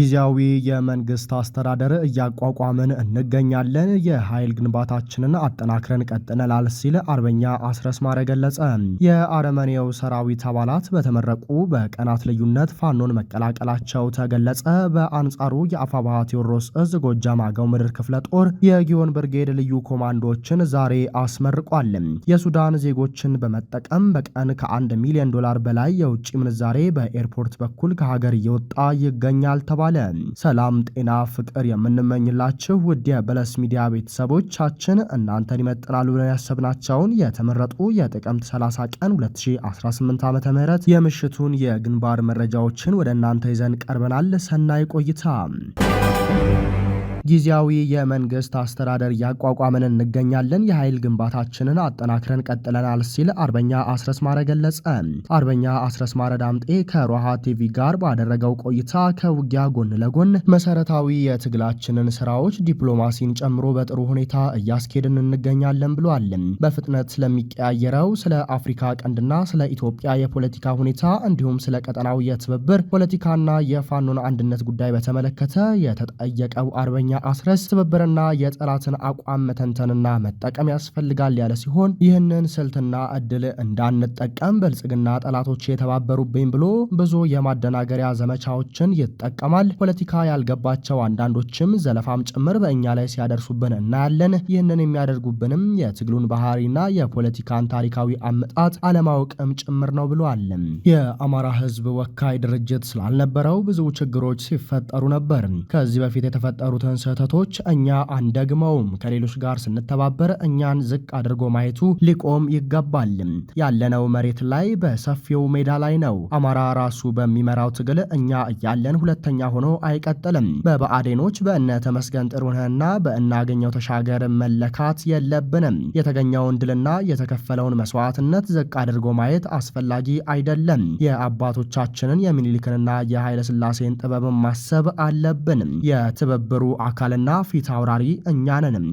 ጊዜያዊ የመንግስት አስተዳደር እያቋቋምን እንገኛለን። የኃይል ግንባታችንን አጠናክረን ቀጥለናል ሲል አርበኛ አስረስ ማረ ገለጸ። የአረመኔው ሰራዊት አባላት በተመረቁ በቀናት ልዩነት ፋኖን መቀላቀላቸው ተገለጸ። በአንጻሩ የአፋባሃ ቴዎድሮስ እዝ ጎጃም አገው ምድር ክፍለ ጦር የጊዮን ብርጌድ ልዩ ኮማንዶዎችን ዛሬ አስመርቋል። የሱዳን ዜጎችን በመጠቀም በቀን ከአንድ ሚሊዮን ዶላር በላይ የውጭ ምንዛሬ በኤርፖርት በኩል ከሀገር እየወጣ ይገኛል ተባለ። ተባለ። ሰላም፣ ጤና፣ ፍቅር የምንመኝላችሁ ውድ የበለስ ሚዲያ ቤተሰቦቻችን እናንተን ይመጥናሉ ብለን ያሰብናቸውን የተመረጡ የጥቅምት 30 ቀን 2018 ዓ ም የምሽቱን የግንባር መረጃዎችን ወደ እናንተ ይዘን ቀርበናል። ሰናይ ቆይታ ጊዜያዊ የመንግስት አስተዳደር እያቋቋመን እንገኛለን። የኃይል ግንባታችንን አጠናክረን ቀጥለናል ሲል አርበኛ አስረስማረ ገለጸ። አርበኛ አስረስማረ ዳምጤ ከሮሃ ቲቪ ጋር ባደረገው ቆይታ ከውጊያ ጎን ለጎን መሰረታዊ የትግላችንን ስራዎች ዲፕሎማሲን ጨምሮ በጥሩ ሁኔታ እያስኬድን እንገኛለን ብሏል። በፍጥነት ስለሚቀያየረው ስለ አፍሪካ ቀንድና ስለ ኢትዮጵያ የፖለቲካ ሁኔታ እንዲሁም ስለ ቀጠናው የትብብር ፖለቲካና የፋኖን አንድነት ጉዳይ በተመለከተ የተጠየቀው አርበኛ አስረስ ትብብርና የጠላትን አቋም መተንተንና መጠቀም ያስፈልጋል ያለ ሲሆን ይህንን ስልትና እድል እንዳንጠቀም ብልጽግና ጠላቶች የተባበሩብኝ ብሎ ብዙ የማደናገሪያ ዘመቻዎችን ይጠቀማል። ፖለቲካ ያልገባቸው አንዳንዶችም ዘለፋም ጭምር በእኛ ላይ ሲያደርሱብን እናያለን። ይህንን የሚያደርጉብንም የትግሉን ባህሪና የፖለቲካን ታሪካዊ አመጣጥ አለማወቅም ጭምር ነው ብለዋል። የአማራ ህዝብ ወካይ ድርጅት ስላልነበረው ብዙ ችግሮች ሲፈጠሩ ነበር። ከዚህ በፊት የተፈጠሩትን ስህተቶች እኛ አንደግመውም። ከሌሎች ጋር ስንተባበር እኛን ዝቅ አድርጎ ማየቱ ሊቆም ይገባል። ያለነው መሬት ላይ በሰፊው ሜዳ ላይ ነው። አማራ ራሱ በሚመራው ትግል እኛ እያለን ሁለተኛ ሆኖ አይቀጥልም። በብአዴኖች በእነ ተመስገን ጥሩነህና በእናገኘው ተሻገር መለካት የለብንም። የተገኘውን ድልና የተከፈለውን መስዋዕትነት ዝቅ አድርጎ ማየት አስፈላጊ አይደለም። የአባቶቻችንን የሚኒሊክንና የኃይለስላሴን ጥበብን ማሰብ አለብንም። የትብብሩ አካልና ፊት አውራሪ እኛ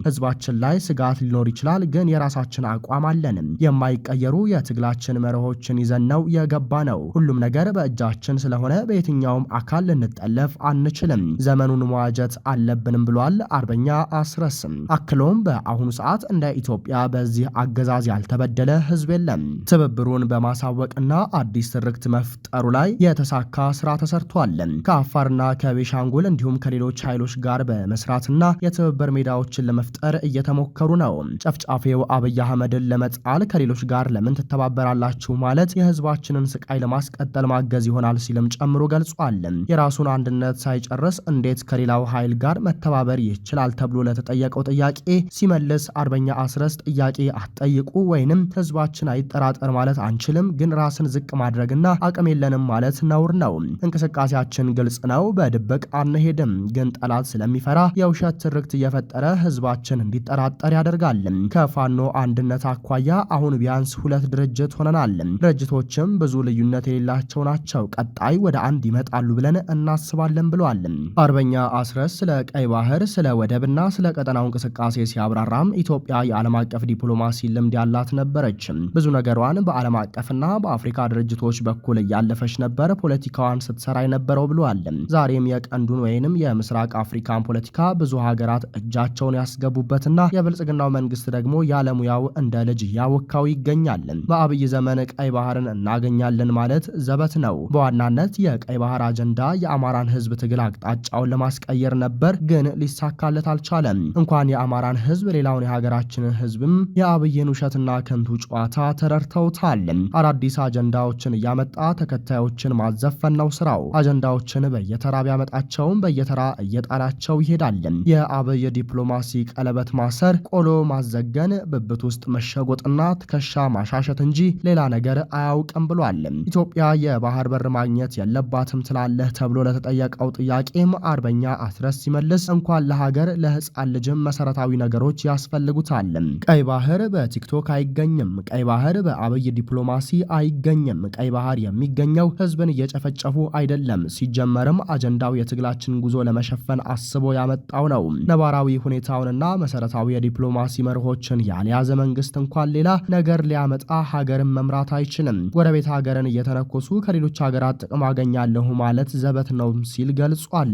ህዝባችን ላይ ስጋት ሊኖር ይችላል፣ ግን የራሳችን አቋም አለንም። የማይቀየሩ የትግላችን መርሆችን ይዘን ነው የገባ ነው። ሁሉም ነገር በእጃችን ስለሆነ በየትኛውም አካል ልንጠለፍ አንችልም። ዘመኑን መዋጀት አለብንም ብሏል አርበኛ አስረስም። አክሎም በአሁኑ ሰዓት እንደ ኢትዮጵያ በዚህ አገዛዝ ያልተበደለ ህዝብ የለም። ትብብሩን በማሳወቅና አዲስ ትርክት መፍጠሩ ላይ የተሳካ ስራ ተሰርቷል። ከአፋርና ከቤሻንጉል እንዲሁም ከሌሎች ኃይሎች ጋር በ ለመስራትና የትብብር ሜዳዎችን ለመፍጠር እየተሞከሩ ነው። ጨፍጫፌው አብይ አህመድን ለመጣል ከሌሎች ጋር ለምን ትተባበራላችሁ ማለት የህዝባችንን ስቃይ ለማስቀጠል ማገዝ ይሆናል ሲልም ጨምሮ ገልጿል። የራሱን አንድነት ሳይጨርስ እንዴት ከሌላው ኃይል ጋር መተባበር ይችላል ተብሎ ለተጠየቀው ጥያቄ ሲመልስ አርበኛ አስረስ ጥያቄ አትጠይቁ ወይንም ህዝባችን አይጠራጠር ማለት አንችልም፣ ግን ራስን ዝቅ ማድረግና አቅም የለንም ማለት ነውር ነው። እንቅስቃሴያችን ግልጽ ነው። በድብቅ አንሄድም፣ ግን ጠላት ስለሚፈራ በሚሰራ የውሸት ትርክት እየፈጠረ ህዝባችን እንዲጠራጠር ያደርጋል። ከፋኖ አንድነት አኳያ አሁን ቢያንስ ሁለት ድርጅት ሆነናል። ድርጅቶችም ብዙ ልዩነት የሌላቸው ናቸው። ቀጣይ ወደ አንድ ይመጣሉ ብለን እናስባለን ብለዋል። አርበኛ አስረስ ስለ ቀይ ባህር፣ ስለ ወደብና ስለ ቀጠናው እንቅስቃሴ ሲያብራራም ኢትዮጵያ የዓለም አቀፍ ዲፕሎማሲ ልምድ ያላት ነበረች። ብዙ ነገሯን በዓለም አቀፍና በአፍሪካ ድርጅቶች በኩል እያለፈች ነበር ፖለቲካዋን ስትሰራ የነበረው ብለዋል። ዛሬም የቀንዱን ወይንም የምስራቅ አፍሪካን ፖለቲ ፖለቲካ ብዙ ሀገራት እጃቸውን ያስገቡበትና የብልጽግናው መንግስት ደግሞ ያለሙያው እንደ ልጅ ያወካው ይገኛል። በአብይ ዘመን ቀይ ባህርን እናገኛለን ማለት ዘበት ነው። በዋናነት የቀይ ባህር አጀንዳ የአማራን ህዝብ ትግል አቅጣጫውን ለማስቀየር ነበር፣ ግን ሊሳካለት አልቻለም። እንኳን የአማራን ህዝብ ሌላውን የሀገራችንን ህዝብም የአብይን ውሸትና ከንቱ ጨዋታ ተረድተውታል። አዳዲስ አጀንዳዎችን እያመጣ ተከታዮችን ማዘፈን ነው ስራው። አጀንዳዎችን በየተራ ቢያመጣቸውም በየተራ እየጣላቸው ይሄ እንሄዳለን። የአብይ ዲፕሎማሲ ቀለበት ማሰር፣ ቆሎ ማዘገን፣ ብብት ውስጥ መሸጎጥና ትከሻ ማሻሸት እንጂ ሌላ ነገር አያውቅም ብሏል። ኢትዮጵያ የባህር በር ማግኘት የለባትም ትላለህ ተብሎ ለተጠየቀው ጥያቄም አርበኛ አስረስ ሲመልስ እንኳን ለሀገር ለህፃን ልጅም መሰረታዊ ነገሮች ያስፈልጉታል። ቀይ ባህር በቲክቶክ አይገኝም። ቀይ ባህር በአብይ ዲፕሎማሲ አይገኝም። ቀይ ባህር የሚገኘው ህዝብን እየጨፈጨፉ አይደለም። ሲጀመርም አጀንዳው የትግላችን ጉዞ ለመሸፈን አስቦ ያ ያመጣው ነው። ነባራዊ ሁኔታውንና መሰረታዊ የዲፕሎማሲ መርሆችን ያልያዘ መንግስት እንኳን ሌላ ነገር ሊያመጣ ሀገርን መምራት አይችልም። ጎረቤት ሀገርን እየተነኮሱ ከሌሎች ሀገራት ጥቅም አገኛለሁ ማለት ዘበት ነው ሲል ገልጿል።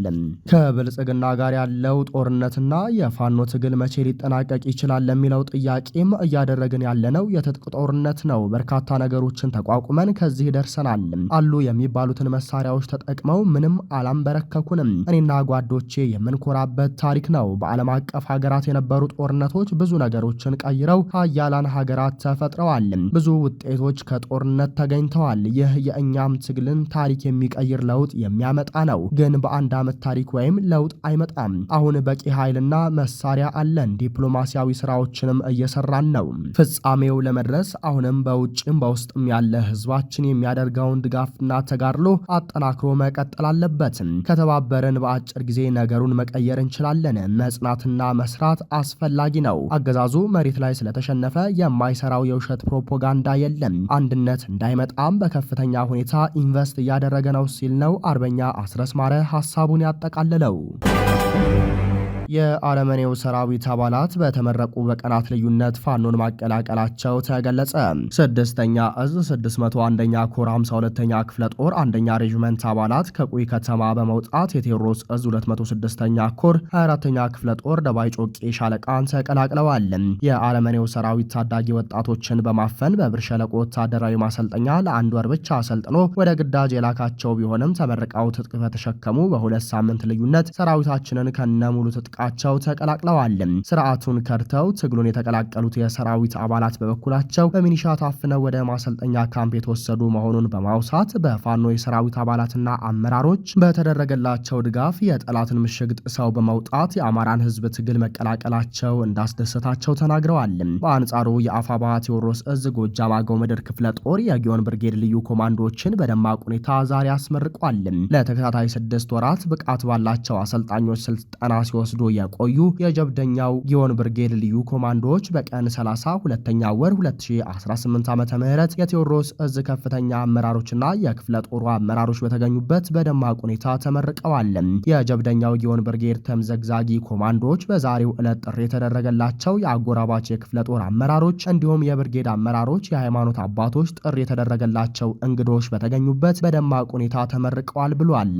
ከብልጽግና ጋር ያለው ጦርነትና የፋኖ ትግል መቼ ሊጠናቀቅ ይችላል ለሚለው ጥያቄም እያደረግን ያለነው የትጥቅ ጦርነት ነው። በርካታ ነገሮችን ተቋቁመን ከዚህ ደርሰናል። አሉ የሚባሉትን መሳሪያዎች ተጠቅመው ምንም አላንበረከኩንም። እኔና ጓዶቼ የምንኮራ የተሰራበት ታሪክ ነው። በዓለም አቀፍ ሀገራት የነበሩ ጦርነቶች ብዙ ነገሮችን ቀይረው ሀያላን ሀገራት ተፈጥረዋል። ብዙ ውጤቶች ከጦርነት ተገኝተዋል። ይህ የእኛም ትግልን ታሪክ የሚቀይር ለውጥ የሚያመጣ ነው። ግን በአንድ ዓመት ታሪክ ወይም ለውጥ አይመጣም። አሁን በቂ ኃይልና መሳሪያ አለን። ዲፕሎማሲያዊ ስራዎችንም እየሰራን ነው። ፍጻሜው ለመድረስ አሁንም በውጭም በውስጥም ያለ ህዝባችን የሚያደርገውን ድጋፍና ተጋድሎ አጠናክሮ መቀጠል አለበት። ከተባበረን በአጭር ጊዜ ነገሩን መቀ መቀየር እንችላለን። መጽናትና መስራት አስፈላጊ ነው። አገዛዙ መሬት ላይ ስለተሸነፈ የማይሰራው የውሸት ፕሮፓጋንዳ የለም። አንድነት እንዳይመጣም በከፍተኛ ሁኔታ ኢንቨስት እያደረገ ነው ሲል ነው አርበኛ አስረስማረ ሀሳቡን ያጠቃለለው። የአረመኔው ሰራዊት አባላት በተመረቁ በቀናት ልዩነት ፋኖን ማቀላቀላቸው ተገለጸ። ስድስተኛ እዝ 601ኛ ኮር 52ኛ ክፍለ ጦር አንደኛ ሬዥመንት አባላት ከቁይ ከተማ በመውጣት የቴዎድሮስ እዝ 206ኛ ኮር 24ኛ ክፍለ ጦር ደባይ ጮቄ ሻለቃን ተቀላቅለዋል። የአረመኔው ሰራዊት ታዳጊ ወጣቶችን በማፈን በብር ሸለቆ ወታደራዊ ማሰልጠኛ ለአንድ ወር ብቻ አሰልጥኖ ወደ ግዳጅ የላካቸው ቢሆንም ተመርቀው ትጥቅ በተሸከሙ በሁለት ሳምንት ልዩነት ሰራዊታችንን ከነ ሙሉ ትጥቅ ትጥቃቸው ተቀላቅለዋል። ስርዓቱን ከድተው ትግሉን የተቀላቀሉት የሰራዊት አባላት በበኩላቸው በሚኒሻ ታፍነው ወደ ማሰልጠኛ ካምፕ የተወሰዱ መሆኑን በማውሳት በፋኖ የሰራዊት አባላትና አመራሮች በተደረገላቸው ድጋፍ የጠላትን ምሽግ ጥሰው በመውጣት የአማራን ህዝብ ትግል መቀላቀላቸው እንዳስደሰታቸው ተናግረዋል። በአንጻሩ የአፋባ ቴዎድሮስ እዝ ጎጃም አገው ምድር ክፍለ ጦር የጊዮን ብርጌድ ልዩ ኮማንዶዎችን በደማቅ ሁኔታ ዛሬ አስመርቋል። ለተከታታይ ስድስት ወራት ብቃት ባላቸው አሰልጣኞች ስልጠና ሲወስዱ ሲወስዱ የቆዩ የጀብደኛው ጊዮን ብርጌድ ልዩ ኮማንዶዎች በቀን 30 ሁለተኛ ወር 2018 ዓ ም የቴዎድሮስ እዝ ከፍተኛ አመራሮችና የክፍለ ጦሩ አመራሮች በተገኙበት በደማቅ ሁኔታ ተመርቀዋል። የጀብደኛው ጊዮን ብርጌድ ተምዘግዛጊ ኮማንዶዎች በዛሬው ዕለት ጥሪ የተደረገላቸው የአጎራባች የክፍለ ጦር አመራሮች እንዲሁም የብርጌድ አመራሮች፣ የሃይማኖት አባቶች፣ ጥሪ የተደረገላቸው እንግዶች በተገኙበት በደማቅ ሁኔታ ተመርቀዋል ብሏል።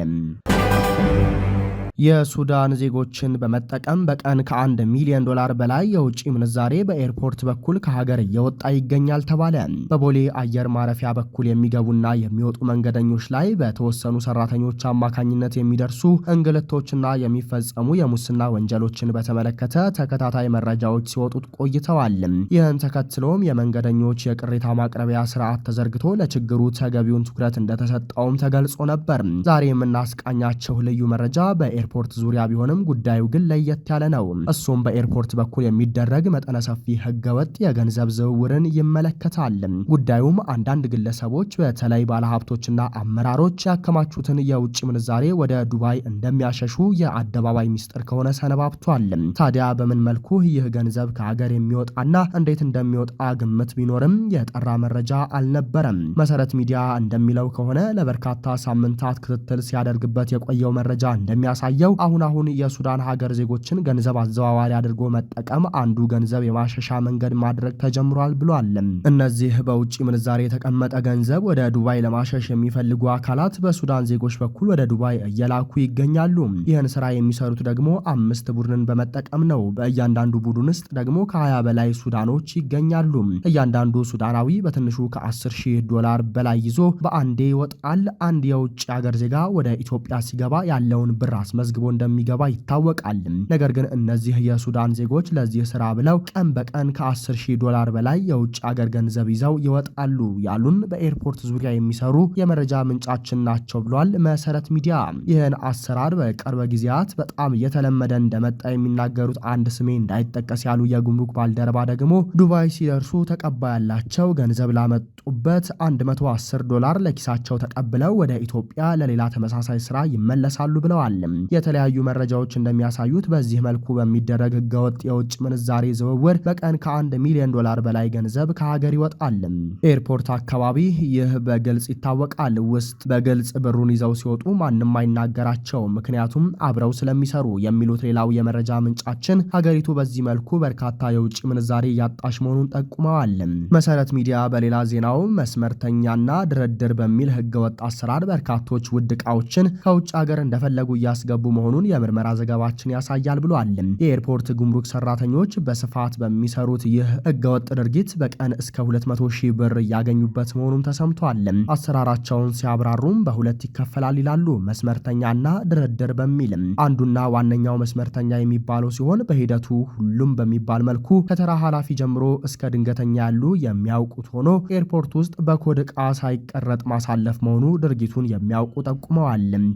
የሱዳን ዜጎችን በመጠቀም በቀን ከአንድ ሚሊዮን ዶላር በላይ የውጭ ምንዛሬ በኤርፖርት በኩል ከሀገር እየወጣ ይገኛል ተባለ። በቦሌ አየር ማረፊያ በኩል የሚገቡና የሚወጡ መንገደኞች ላይ በተወሰኑ ሰራተኞች አማካኝነት የሚደርሱ እንግልቶችና የሚፈጸሙ የሙስና ወንጀሎችን በተመለከተ ተከታታይ መረጃዎች ሲወጡት ቆይተዋል። ይህን ተከትሎም የመንገደኞች የቅሬታ ማቅረቢያ ስርዓት ተዘርግቶ ለችግሩ ተገቢውን ትኩረት እንደተሰጠውም ተገልጾ ነበር። ዛሬ የምናስቃኛቸው ልዩ መረጃ በኤ ኤርፖርት ዙሪያ ቢሆንም ጉዳዩ ግን ለየት ያለ ነው። እሱም በኤርፖርት በኩል የሚደረግ መጠነ ሰፊ ህገወጥ የገንዘብ ዝውውርን ይመለከታል። ጉዳዩም አንዳንድ ግለሰቦች በተለይ ባለሀብቶችና አመራሮች ያከማቹትን የውጭ ምንዛሬ ወደ ዱባይ እንደሚያሸሹ የአደባባይ ሚስጥር ከሆነ ሰነባብቷል። ታዲያ በምን መልኩ ይህ ገንዘብ ከሀገር የሚወጣና እንዴት እንደሚወጣ ግምት ቢኖርም የጠራ መረጃ አልነበረም። መሰረት ሚዲያ እንደሚለው ከሆነ ለበርካታ ሳምንታት ክትትል ሲያደርግበት የቆየው መረጃ እንደሚያሳይ የሚታየው አሁን አሁን የሱዳን ሀገር ዜጎችን ገንዘብ አዘዋዋሪ አድርጎ መጠቀም አንዱ ገንዘብ የማሸሻ መንገድ ማድረግ ተጀምሯል ብሏል። እነዚህ በውጭ ምንዛሬ የተቀመጠ ገንዘብ ወደ ዱባይ ለማሸሽ የሚፈልጉ አካላት በሱዳን ዜጎች በኩል ወደ ዱባይ እየላኩ ይገኛሉ። ይህን ስራ የሚሰሩት ደግሞ አምስት ቡድንን በመጠቀም ነው። በእያንዳንዱ ቡድን ውስጥ ደግሞ ከ20 በላይ ሱዳኖች ይገኛሉ። እያንዳንዱ ሱዳናዊ በትንሹ ከ10 ሺህ ዶላር በላይ ይዞ በአንዴ ይወጣል። አንድ የውጭ ሀገር ዜጋ ወደ ኢትዮጵያ ሲገባ ያለውን ብር አስመ ተመዝግቦ እንደሚገባ ይታወቃል። ነገር ግን እነዚህ የሱዳን ዜጎች ለዚህ ስራ ብለው ቀን በቀን ከ10 ሺህ ዶላር በላይ የውጭ አገር ገንዘብ ይዘው ይወጣሉ ያሉን በኤርፖርት ዙሪያ የሚሰሩ የመረጃ ምንጫችን ናቸው ብሏል መሰረት ሚዲያ። ይህን አሰራር በቅርብ ጊዜያት በጣም እየተለመደ እንደመጣ የሚናገሩት አንድ ስሜ እንዳይጠቀስ ያሉ የጉምሩክ ባልደረባ ደግሞ ዱባይ ሲደርሱ ተቀባ ያላቸው ገንዘብ ላመጡበት 110 ዶላር ለኪሳቸው ተቀብለው ወደ ኢትዮጵያ ለሌላ ተመሳሳይ ስራ ይመለሳሉ ብለዋል። የተለያዩ መረጃዎች እንደሚያሳዩት በዚህ መልኩ በሚደረግ ህገወጥ የውጭ ምንዛሬ ዝውውር በቀን ከአንድ ሚሊዮን ዶላር በላይ ገንዘብ ከሀገር ይወጣል። ኤርፖርት አካባቢ ይህ በግልጽ ይታወቃል። ውስጥ በግልጽ ብሩን ይዘው ሲወጡ ማንም አይናገራቸው ምክንያቱም አብረው ስለሚሰሩ የሚሉት ሌላው የመረጃ ምንጫችን ሀገሪቱ በዚህ መልኩ በርካታ የውጭ ምንዛሬ እያጣሽ መሆኑን ጠቁመዋል። መሰረት ሚዲያ በሌላ ዜናው መስመርተኛና ድርድር በሚል ህገወጥ አሰራር በርካቶች ውድ እቃዎችን ከውጭ ሀገር እንደፈለጉ እያስገቡ እየገቡ መሆኑን የምርመራ ዘገባችን ያሳያል ብሏል። የኤርፖርት ጉምሩክ ሰራተኞች በስፋት በሚሰሩት ይህ ህገወጥ ድርጊት በቀን እስከ 200 ሺህ ብር እያገኙበት መሆኑም ተሰምቷል። አሰራራቸውን ሲያብራሩም በሁለት ይከፈላል ይላሉ። መስመርተኛና ድርድር በሚልም አንዱና ዋነኛው መስመርተኛ የሚባለው ሲሆን በሂደቱ ሁሉም በሚባል መልኩ ከተራ ኃላፊ ጀምሮ እስከ ድንገተኛ ያሉ የሚያውቁት ሆኖ ኤርፖርት ውስጥ በኮድ ዕቃ ሳይቀረጥ ማሳለፍ መሆኑ ድርጊቱን የሚያውቁ ጠቁመዋል።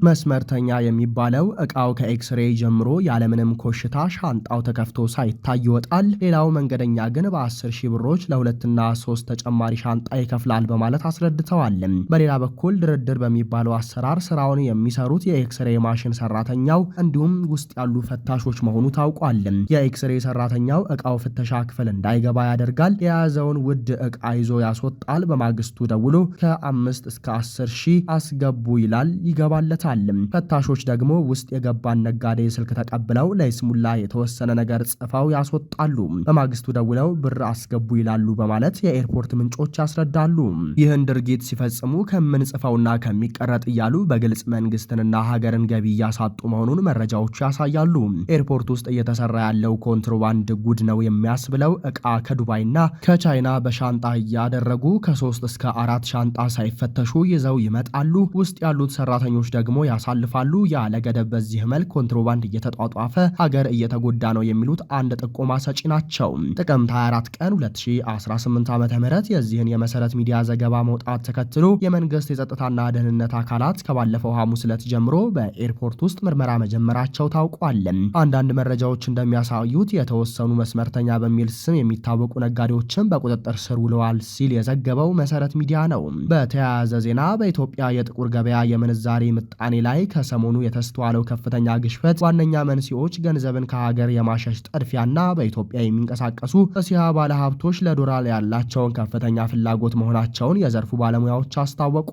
መስመርተኛ የሚባለው እቃው ከኤክስሬ ጀምሮ ያለምንም ኮሽታ ሻንጣው ተከፍቶ ሳይታይ ይወጣል። ሌላው መንገደኛ ግን በ10 ሺህ ብሮች ለሁለትና ሶስት ተጨማሪ ሻንጣ ይከፍላል በማለት አስረድተዋል። በሌላ በኩል ድርድር በሚባለው አሰራር ስራውን የሚሰሩት የኤክስሬ ማሽን ሰራተኛው እንዲሁም ውስጥ ያሉ ፈታሾች መሆኑ ታውቋል። የኤክስሬ ሰራተኛው እቃው ፍተሻ ክፍል እንዳይገባ ያደርጋል። የያዘውን ውድ እቃ ይዞ ያስወጣል። በማግስቱ ደውሎ ከአምስት እስከ አስር ሺህ አስገቡ ይላል። ይገባለታል። ፈታሾች ደግሞ ውስጥ ውስጥ የገባን ነጋዴ ስልክ ተቀብለው ለይስሙላ የተወሰነ ነገር ጽፈው ያስወጣሉ። በማግስቱ ደውለው ብር አስገቡ ይላሉ በማለት የኤርፖርት ምንጮች ያስረዳሉ። ይህን ድርጊት ሲፈጽሙ ከምንጽፈውና ከሚቀረጥ እያሉ በግልጽ መንግስትንና ሀገርን ገቢ እያሳጡ መሆኑን መረጃዎቹ ያሳያሉ። ኤርፖርት ውስጥ እየተሰራ ያለው ኮንትሮባንድ ጉድ ነው የሚያስብለው እቃ ከዱባይና ከቻይና በሻንጣ እያደረጉ ከሶስት እስከ አራት ሻንጣ ሳይፈተሹ ይዘው ይመጣሉ። ውስጥ ያሉት ሰራተኞች ደግሞ ያሳልፋሉ። ያለ ገደብ በዚህ መልክ ኮንትሮባንድ እየተጧጧፈ ሀገር እየተጎዳ ነው የሚሉት አንድ ጥቆማ ሰጪ ናቸው። ጥቅምት 24 ቀን 2018 ዓ ም የዚህን የመሰረት ሚዲያ ዘገባ መውጣት ተከትሎ የመንግስት የጸጥታና ደህንነት አካላት ከባለፈው ሐሙስ ዕለት ጀምሮ በኤርፖርት ውስጥ ምርመራ መጀመራቸው ታውቋል። አንዳንድ መረጃዎች እንደሚያሳዩት የተወሰኑ መስመርተኛ በሚል ስም የሚታወቁ ነጋዴዎችን በቁጥጥር ስር ውለዋል ሲል የዘገበው መሰረት ሚዲያ ነው። በተያያዘ ዜና በኢትዮጵያ የጥቁር ገበያ የምንዛሬ ምጣኔ ላይ ከሰሞኑ የተስተዋለ ለተስተዋለው ከፍተኛ ግሽበት ዋነኛ መንስኤዎች ገንዘብን ከሀገር የማሸሽ ጠድፊያና በኢትዮጵያ የሚንቀሳቀሱ እስያ ባለሀብቶች ለዶላር ያላቸውን ከፍተኛ ፍላጎት መሆናቸውን የዘርፉ ባለሙያዎች አስታወቁ።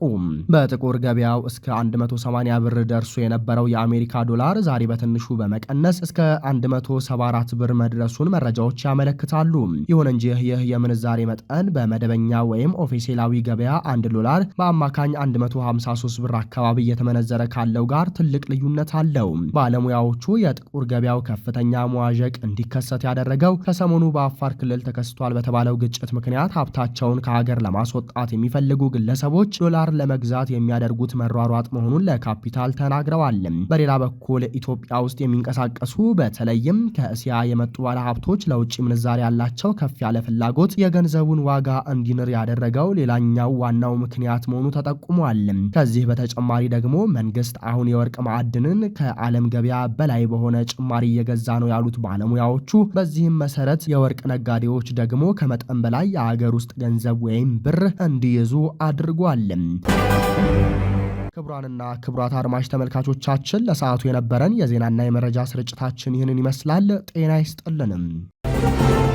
በጥቁር ገበያው እስከ 180 ብር ደርሶ የነበረው የአሜሪካ ዶላር ዛሬ በትንሹ በመቀነስ እስከ 174 ብር መድረሱን መረጃዎች ያመለክታሉ። ይሁን እንጂ ይህ የምንዛሬ መጠን በመደበኛ ወይም ኦፊሴላዊ ገበያ አንድ ዶላር በአማካኝ 153 ብር አካባቢ እየተመነዘረ ካለው ጋር ትልቅ ልዩነት አለው። ባለሙያዎቹ የጥቁር ገበያው ከፍተኛ መዋዠቅ እንዲከሰት ያደረገው ከሰሞኑ በአፋር ክልል ተከስቷል በተባለው ግጭት ምክንያት ሀብታቸውን ከሀገር ለማስወጣት የሚፈልጉ ግለሰቦች ዶላር ለመግዛት የሚያደርጉት መሯሯጥ መሆኑን ለካፒታል ተናግረዋል። በሌላ በኩል ኢትዮጵያ ውስጥ የሚንቀሳቀሱ በተለይም ከእስያ የመጡ ባለ ሀብቶች ለውጭ ምንዛሪ ያላቸው ከፍ ያለ ፍላጎት የገንዘቡን ዋጋ እንዲንር ያደረገው ሌላኛው ዋናው ምክንያት መሆኑ ተጠቁሟል። ከዚህ በተጨማሪ ደግሞ መንግስት አሁን የወርቅ ማዕድንን ከዓለም ገበያ በላይ በሆነ ጭማሪ እየገዛ ነው ያሉት ባለሙያዎቹ። በዚህም መሰረት የወርቅ ነጋዴዎች ደግሞ ከመጠን በላይ የአገር ውስጥ ገንዘብ ወይም ብር እንዲይዙ አድርጓል። ክቡራንና ክቡራት አድማጭ ተመልካቾቻችን ለሰዓቱ የነበረን የዜናና የመረጃ ስርጭታችን ይህንን ይመስላል። ጤና ይስጥልንም።